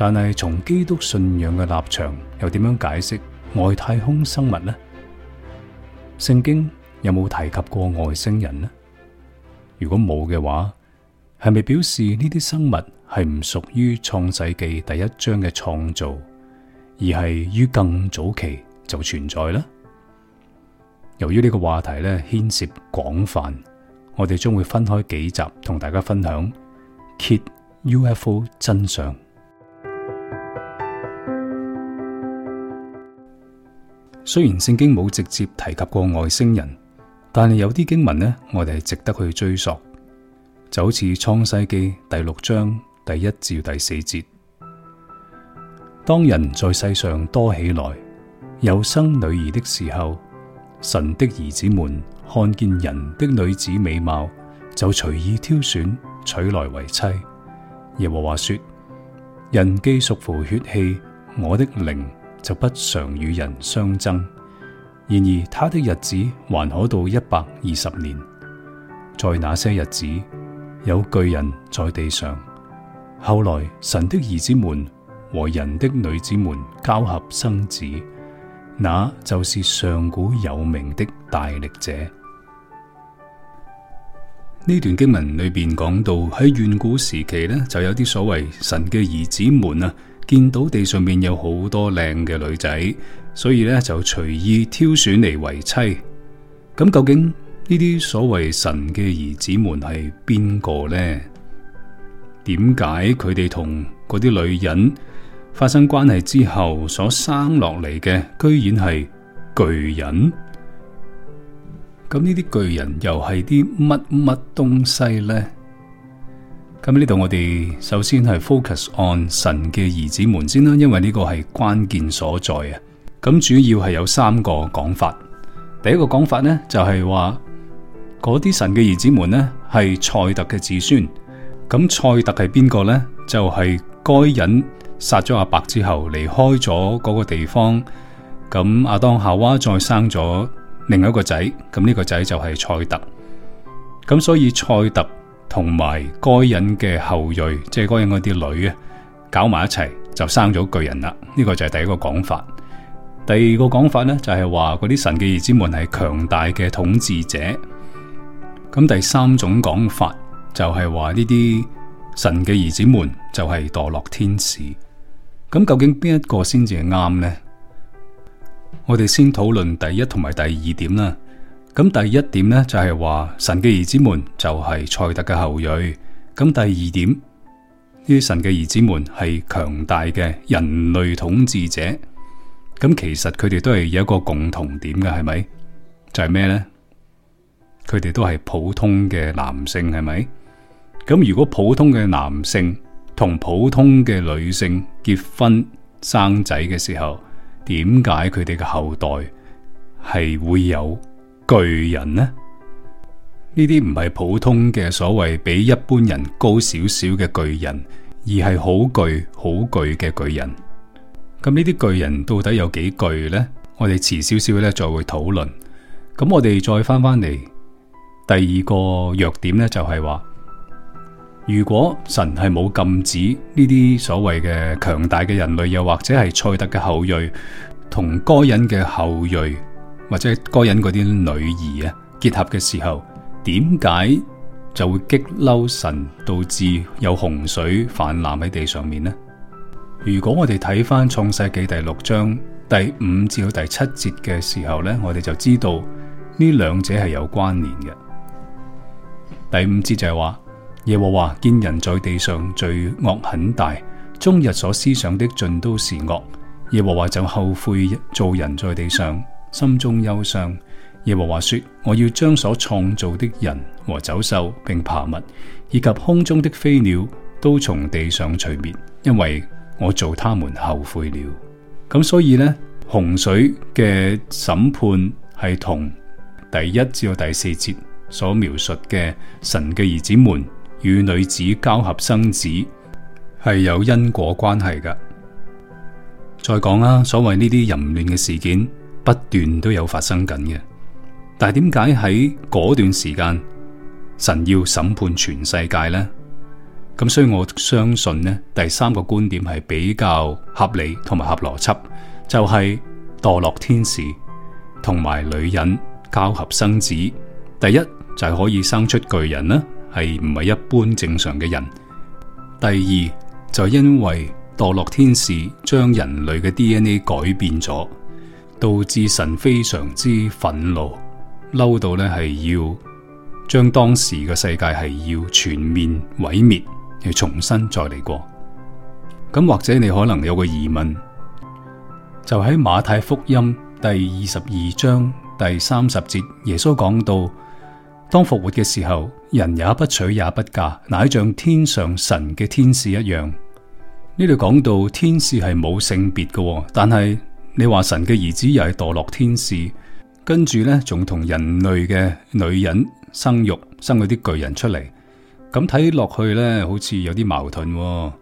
但係從基督信仰嘅立場又點樣解釋外太空生物呢？聖經有冇提及過外星人呢？如果冇嘅話，係咪表示呢啲生物係唔屬於創世紀第一章嘅創造，而係於更早期就存在呢？由於呢個話題咧牽涉廣泛，我哋將會分開幾集同大家分享揭 UFO 真相。雖然聖經冇直接提及過外星人，但係有啲經文呢，我哋係值得去追溯。就好似創世記第六章第一至第四節，當人在世上多起來，有生女兒的時候，神的兒子們看見人的女子美貌，就隨意挑選娶來為妻。耶和華說：人既屬乎血氣，我的靈，就不常與人相爭。然而他的日子還可到一百二十年。在那些日子，有巨人在地上。後來神的兒子們和人的女子們交合生子，那就是上古有名的大力者。呢段經文裏邊講到喺遠古時期呢，就有啲所謂神嘅兒子們啊。見到地上面有好多靚嘅女仔，所以咧就隨意挑選嚟為妻。咁究竟呢啲所謂神嘅兒子們係邊個呢？點解佢哋同嗰啲女人發生關係之後所生落嚟嘅，居然係巨人？咁呢啲巨人又係啲乜乜東西呢？咁呢度我哋首先係 focus on 神嘅兒子們先啦，因為呢個係關鍵所在啊。咁主要係有三個講法。第一個講法呢，就係話，嗰啲神嘅兒子們呢，係賽特嘅子孫。咁賽特係邊個呢？就係該人殺咗阿伯之後離開咗嗰個地方。咁阿當夏娃再生咗另一個仔，咁呢個仔就係賽特。咁所以賽特。同埋該人嘅後裔，即係該人嗰啲女啊，搞埋一齊就生咗巨人啦。呢個就係第一個講法。第二個講法呢，就係話嗰啲神嘅兒子們係強大嘅統治者。咁第三種講法就係話呢啲神嘅兒子們就係墮落天使。咁究竟邊一個先至係啱呢？我哋先討論第一同埋第二點啦。咁第一點咧，就係話神嘅兒子們就係賽特嘅後裔。咁第二點，呢啲神嘅兒子們係強大嘅人類統治者。咁其實佢哋都係有一個共同點嘅，係咪？就係咩呢？佢哋都係普通嘅男性，係咪？咁如果普通嘅男性同普通嘅女性結婚生仔嘅時候，點解佢哋嘅後代係會有？巨人呢？呢啲唔係普通嘅所謂比一般人高少少嘅巨人，而係好巨好巨嘅巨人。咁呢啲巨人到底有幾巨呢？我哋遲少少咧再會討論。咁我哋再翻翻嚟，第二個弱點呢，就係話，如果神係冇禁止呢啲所謂嘅強大嘅人類，又或者係塞特嘅後裔同該隱嘅後裔，或者該人嗰啲女兒啊，結合嘅時候，點解就會激嬲神，導致有洪水泛濫喺地上面呢？如果我哋睇翻創世紀第六章第五至到第七節嘅時候呢，我哋就知道呢兩者係有關聯嘅。第五節就係話，耶和華見人在地上，罪惡很大，終日所思想的盡都是惡，耶和華就後悔造人在地上，心中憂傷，耶和華說：我要將所創造的人和走獸，並爬物，以及空中的飛鳥，都從地上除滅，因為我做他們後悔了。咁所以呢，洪水嘅審判係同第一至到第四節所描述嘅神嘅兒子們與女子交合生子係有因果關係噶。再講啦，所謂呢啲淫亂嘅事件。不斷都有發生緊嘅，但係點解喺嗰段時間神要審判全世界呢？咁所以我相信呢，第三個觀點係比較合理同埋合邏輯，就係、是、墮落天使同埋女人交合生子，第一就係、是、可以生出巨人啦，係唔係一般正常嘅人？第二就係因為墮落天使將人類嘅 DNA 改變咗。導致神非常之憤怒，嬲到呢係要將當時嘅世界係要全面毀滅，要重新再嚟過。咁或者你可能有個疑問，就喺馬太福音第二十二章第三十節，耶穌講到，當復活嘅時候，人也不娶也不嫁，乃像天上神嘅天使一樣。呢度講到天使係冇性別嘅，但係，你話神嘅兒子又係墮落天使，跟住呢，仲同人類嘅女人生育，生咗啲巨人出嚟，咁睇落去呢，好似有啲矛盾喎。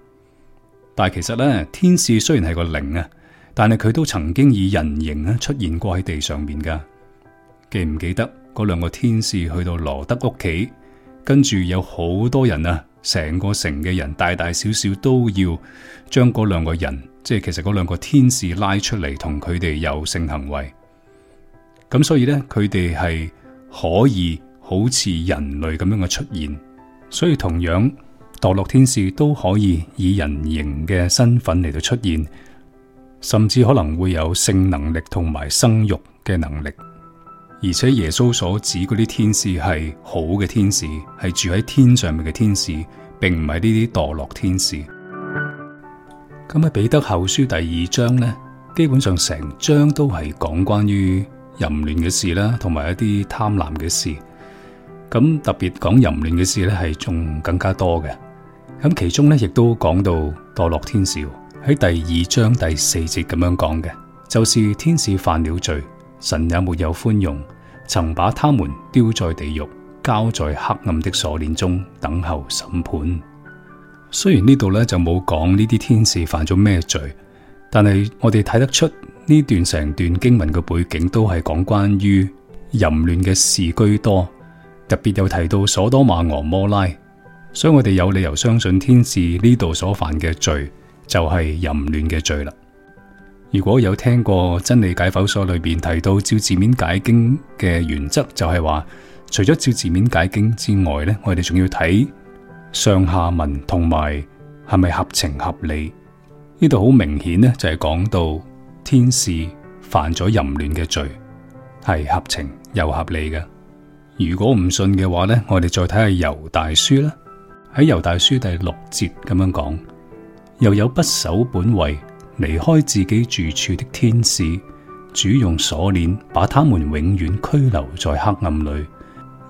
但係其實呢，天使雖然係個靈啊，但係佢都曾經以人形啊出現過喺地上面噶。記唔記得嗰兩個天使去到羅德屋企，跟住有好多人啊，成個城嘅人大大小小都要將嗰兩個人。即係其實嗰兩個天使拉出嚟，同佢哋有性行為，咁所以呢，佢哋係可以好似人類咁樣嘅出現，所以同樣墮落天使都可以以人形嘅身份嚟到出現，甚至可能會有性能力同埋生育嘅能力，而且耶穌所指嗰啲天使係好嘅天使，係住喺天上面嘅天使，並唔係呢啲墮落天使。咁喺彼得後書第二章呢，基本上成章都係講關於淫亂嘅事啦，同埋一啲貪婪嘅事。咁特別講淫亂嘅事呢，係仲更加多嘅。咁其中呢，亦都講到墮落天使喺第二章第四節咁樣講嘅，就是天使犯了罪，神也沒有寬容，曾把他們丟在地獄，交在黑暗的鎖鏈中，等候審判。雖然呢度咧就冇講呢啲天使犯咗咩罪，但係我哋睇得出呢段成段經文嘅背景都係講關於淫亂嘅事居多，特別又提到所多馬俄摩拉，所以我哋有理由相信天使呢度所犯嘅罪就係淫亂嘅罪啦。如果有聽過真理解剖所裏邊提到照字面解經嘅原則，就係話除咗照字面解經之外，呢我哋仲要睇。上下文同埋係咪合情合理？呢度好明顯咧，就係講到天使犯咗淫亂嘅罪，係合情又合理嘅。如果唔信嘅話咧，我哋再睇下猶大書啦。喺猶大書第六節咁樣講，又有不守本位、離開自己住處的天使，主用鎖鏈把他們永遠拘留在黑暗裏，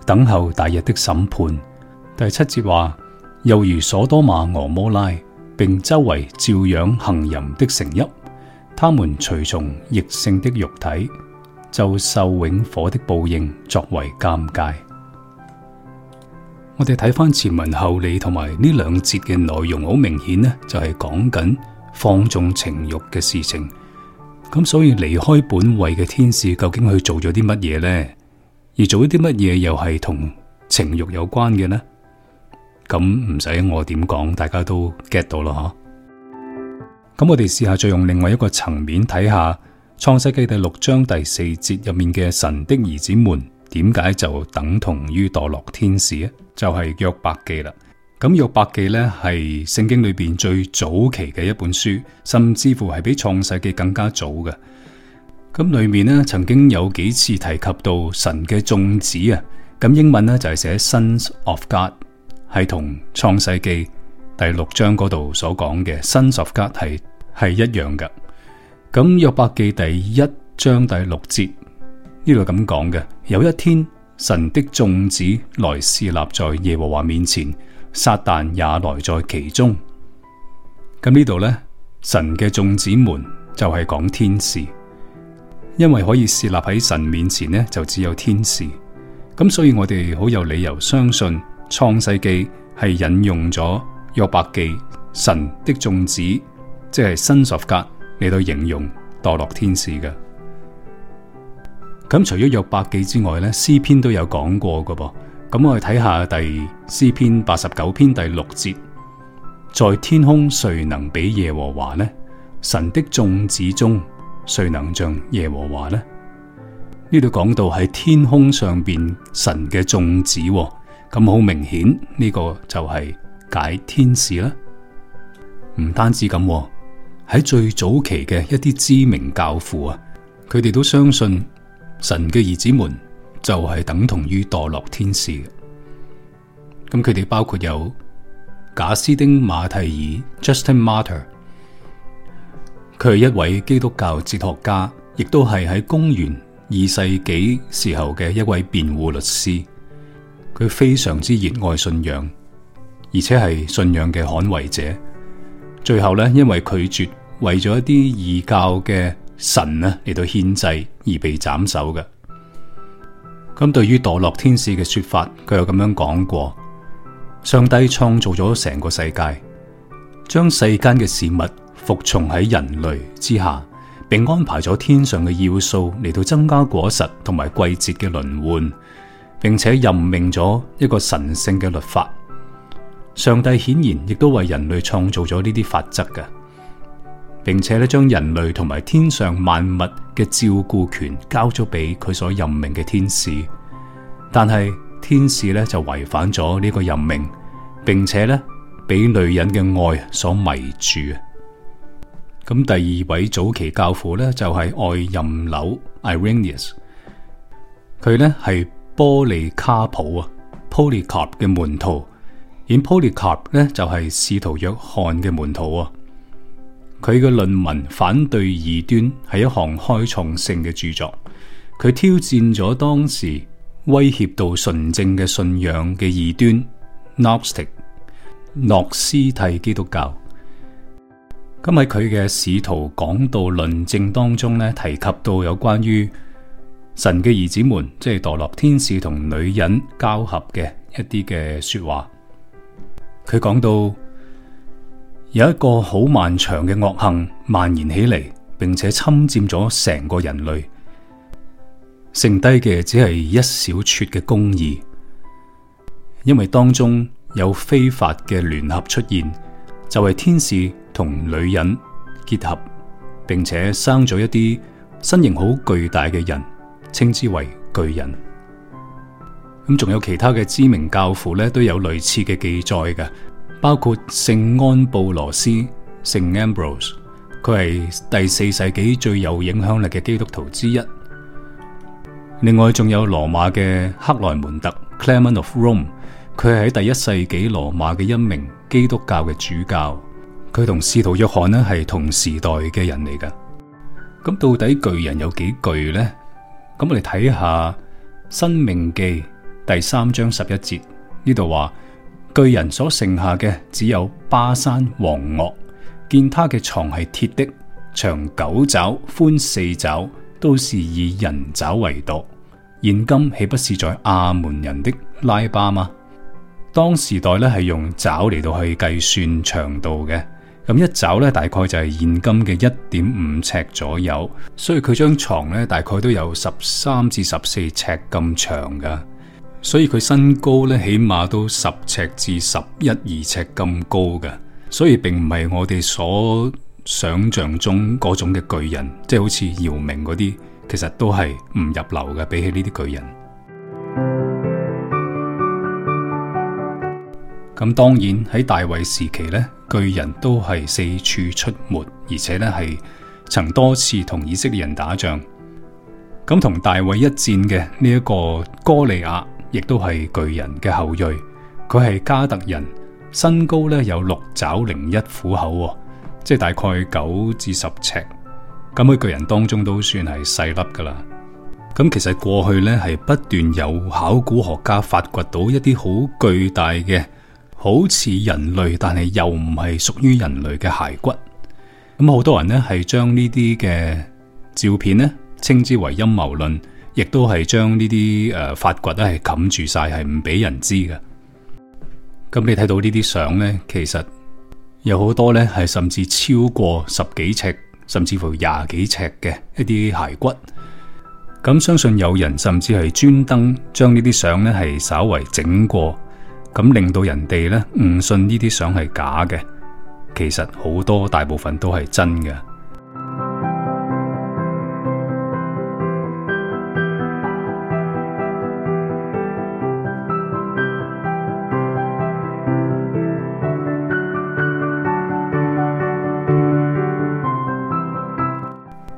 等候大日的審判。第七節話。又如所多瑪俄摩拉，並周圍照樣行淫的城邑，他們隨從異性的肉體，就受永火的報應作為鑒戒。我哋睇翻前文後理同埋呢兩節嘅內容，好明顯呢，就係講緊放縱情慾嘅事情。咁所以離開本位嘅天使，究竟去做咗啲乜嘢呢？而做啲乜嘢又係同情慾有關嘅呢？咁唔使我點講，大家都 get 到啦。咁、啊、我哋試下再用另外一個層面睇下《創世記》第六章第四節入面嘅神的兒子們點解就等同於墮落天使咧？就係、是《約伯記》啦。咁《約伯記》咧係聖經裏邊最早期嘅一本書，甚至乎係比《創世記》更加早嘅。咁裏面呢，曾經有幾次提及到神嘅眾子啊。咁英文呢，就係、是、寫 “sons of God”。係同創世記第六章嗰度所講嘅 Sons of God 係係一樣㗎。咁約伯記第一章第六節呢度咁講嘅，有一天神的眾子來侍立在耶和華面前，撒但也來在其中。咁呢度呢，神嘅眾子們就係講天使，因為可以侍立喺神面前呢，就只有天使。咁所以我哋好有理由相信。創世記係引用咗約伯記神的眾子，即係 Sons of God 嚟到形容墮落天使嘅。咁除咗約伯記之外呢，詩篇都有講過嘅噃。咁我哋睇下第詩篇八十九篇第六節，在天空誰能比耶和華呢？神的眾子中，誰能像耶和華呢？呢度講到喺天空上面神嘅眾子。咁好明顯，呢個就係解天使啦。唔單止咁，喺最早期嘅一啲知名教父啊，佢哋都相信神嘅兒子們就係等同於墮落天使。咁佢哋包括有賈斯丁馬提爾 （Justin Martyr），佢係一位基督教哲學家，亦都係喺公元二世紀時候嘅一位辯護律師。佢非常之熱愛信仰，而且係信仰嘅捍衛者。最後咧，因為拒絕為咗一啲異教嘅神啊嚟到獻祭，而被斬首嘅。咁對於墮落天使嘅說法，佢又咁樣講過：上帝創造咗成個世界，將世間嘅事物服從喺人類之下，並安排咗天上嘅要素嚟到增加果實同埋季節嘅輪換。並且任命咗一個神聖嘅律法，上帝顯然亦都為人類創造咗呢啲法則嘅，並且咧將人類同埋天上萬物嘅照顧權交咗俾佢所任命嘅天使。但係天使咧就違反咗呢個任命，並且咧俾女人嘅愛所迷住。咁第二位早期教父咧就係愛任紐 Irenius，佢咧係。波利卡普啊，Polycarp 嘅門徒，而 Polycarp 咧就係使徒約翰嘅門徒啊。佢嘅論文反對異端，係一項開創性嘅著作。佢挑戰咗當時威脅到純正嘅信仰嘅異端，Gnostic 諾斯替基督教。咁喺佢嘅使徒講道論證當中咧，提及到有關於。神嘅兒子們即係墮落天使同女人交合嘅一啲嘅說話。佢講到有一個好漫長嘅惡行蔓延起嚟，並且侵佔咗成個人類。剩低嘅只係一小撮嘅公義，因為當中有非法嘅聯合出現，就係天使同女人結合，並且生咗一啲身形好巨大嘅人。稱之為巨人，咁仲有其他嘅知名教父呢，都有類似嘅記載嘅，包括聖安布羅斯（聖 Ambrose），佢係第四世紀最有影響力嘅基督徒之一。另外仲有羅馬嘅克萊門特 （Clement of Rome），佢係喺第一世紀羅馬嘅一名基督教嘅主教，佢同使徒約翰呢係同時代嘅人嚟噶。咁到底巨人有幾巨呢？咁我哋睇下《申命記》第三章十一節，呢度話，巨人所剩下嘅，只有巴珊王噩，見他嘅床係鐵的，長九肘，寬四肘，都是以人肘為度。現今豈不是在亞捫人的拉巴嗎？當時代咧，係用肘嚟到去計算長度嘅。咁一肘咧，大概就係現今嘅一點五尺左右，所以佢張床咧，大概都有十三至十四尺咁長噶，所以佢身高咧，起碼都十尺至十一二尺咁高噶，所以並唔係我哋所想象中嗰種嘅巨人，即係好似姚明嗰啲，其實都係唔入流嘅，比起呢啲巨人。咁當然喺大衛時期咧。巨人都係四處出沒，而且呢係曾多次同以色列人打仗。咁同大衛一戰嘅呢一個哥利亞，亦都係巨人嘅後裔。佢係加特人，身高呢有六爪零一虎口，即係大概九至十尺。咁喺巨人當中都算係細粒㗎喇。咁其實過去呢係不斷有考古學家發掘到一啲好巨大嘅。好似人類，但係又唔係屬於人類嘅骸骨。咁好多人呢係將呢啲嘅照片呢稱之為陰謀論，亦都係將呢啲誒發掘咧係冚住晒，係唔俾人知嘅。咁你睇到呢啲相呢，其實有好多呢係甚至超過十幾尺，甚至乎廿幾尺嘅一啲骸骨。咁相信有人甚至係專登將呢啲相呢係稍為整過。咁令到人哋呢誤信呢啲相係假嘅，其實好多大部分都係真嘅。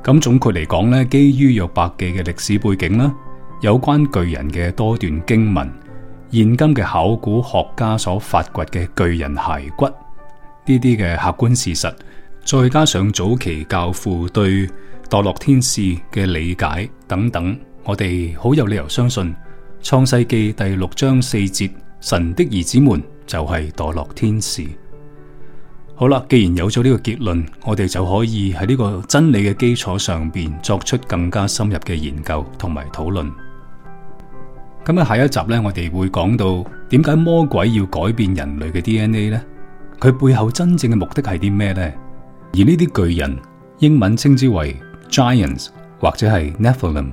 咁總括嚟講呢，基於約伯記嘅歷史背景啦，有關巨人嘅多段經文。現今嘅考古學家所發掘嘅巨人骸骨，呢啲嘅客觀事實，再加上早期教父對墮落天使嘅理解等等，我哋好有理由相信創世記第六章四節神的兒子們就係墮落天使。好啦，既然有咗呢個結論，我哋就可以喺呢個真理嘅基礎上面作出更加深入嘅研究同埋討論。咁喺下一集呢，我哋會講到點解魔鬼要改變人類嘅 DNA 呢？佢背後真正嘅目的係啲咩呢？而呢啲巨人，英文稱之為 Giants 或者係 Nephilim，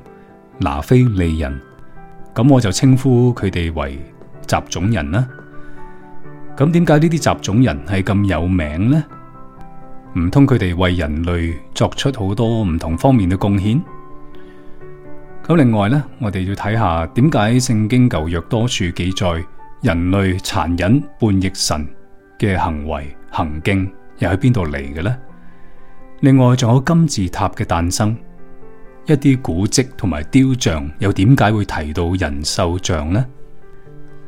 拿非利人，咁我就稱呼佢哋為雜種人啦。咁點解呢啲雜種人係咁有名呢？唔通佢哋為人類作出好多唔同方面嘅貢獻？咁另外呢，我哋要睇下點解聖經舊約多處記載人類殘忍叛逆神嘅行為行徑，又喺邊度嚟嘅呢？另外仲有金字塔嘅誕生，一啲古蹟同埋雕像又點解會提到人獸像呢？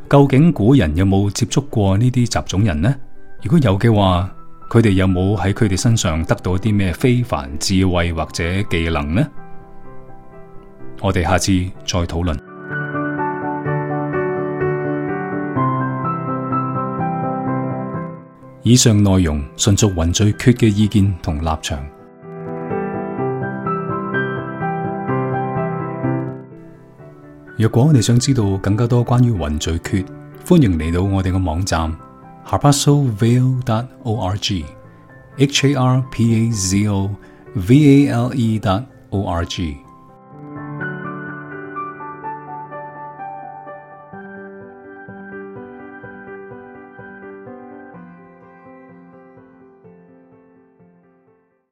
究竟古人有冇接觸過呢啲雜種人呢？如果有嘅話，佢哋有冇喺佢哋身上得到啲咩非凡智慧或者技能呢？我哋下次再討論。以上內容純屬云聚缺嘅意見同立場。若果你想知道更加多關於云聚缺，歡迎嚟到我哋嘅網站 org, harpazovale.org h a r p a z o v a l e o r g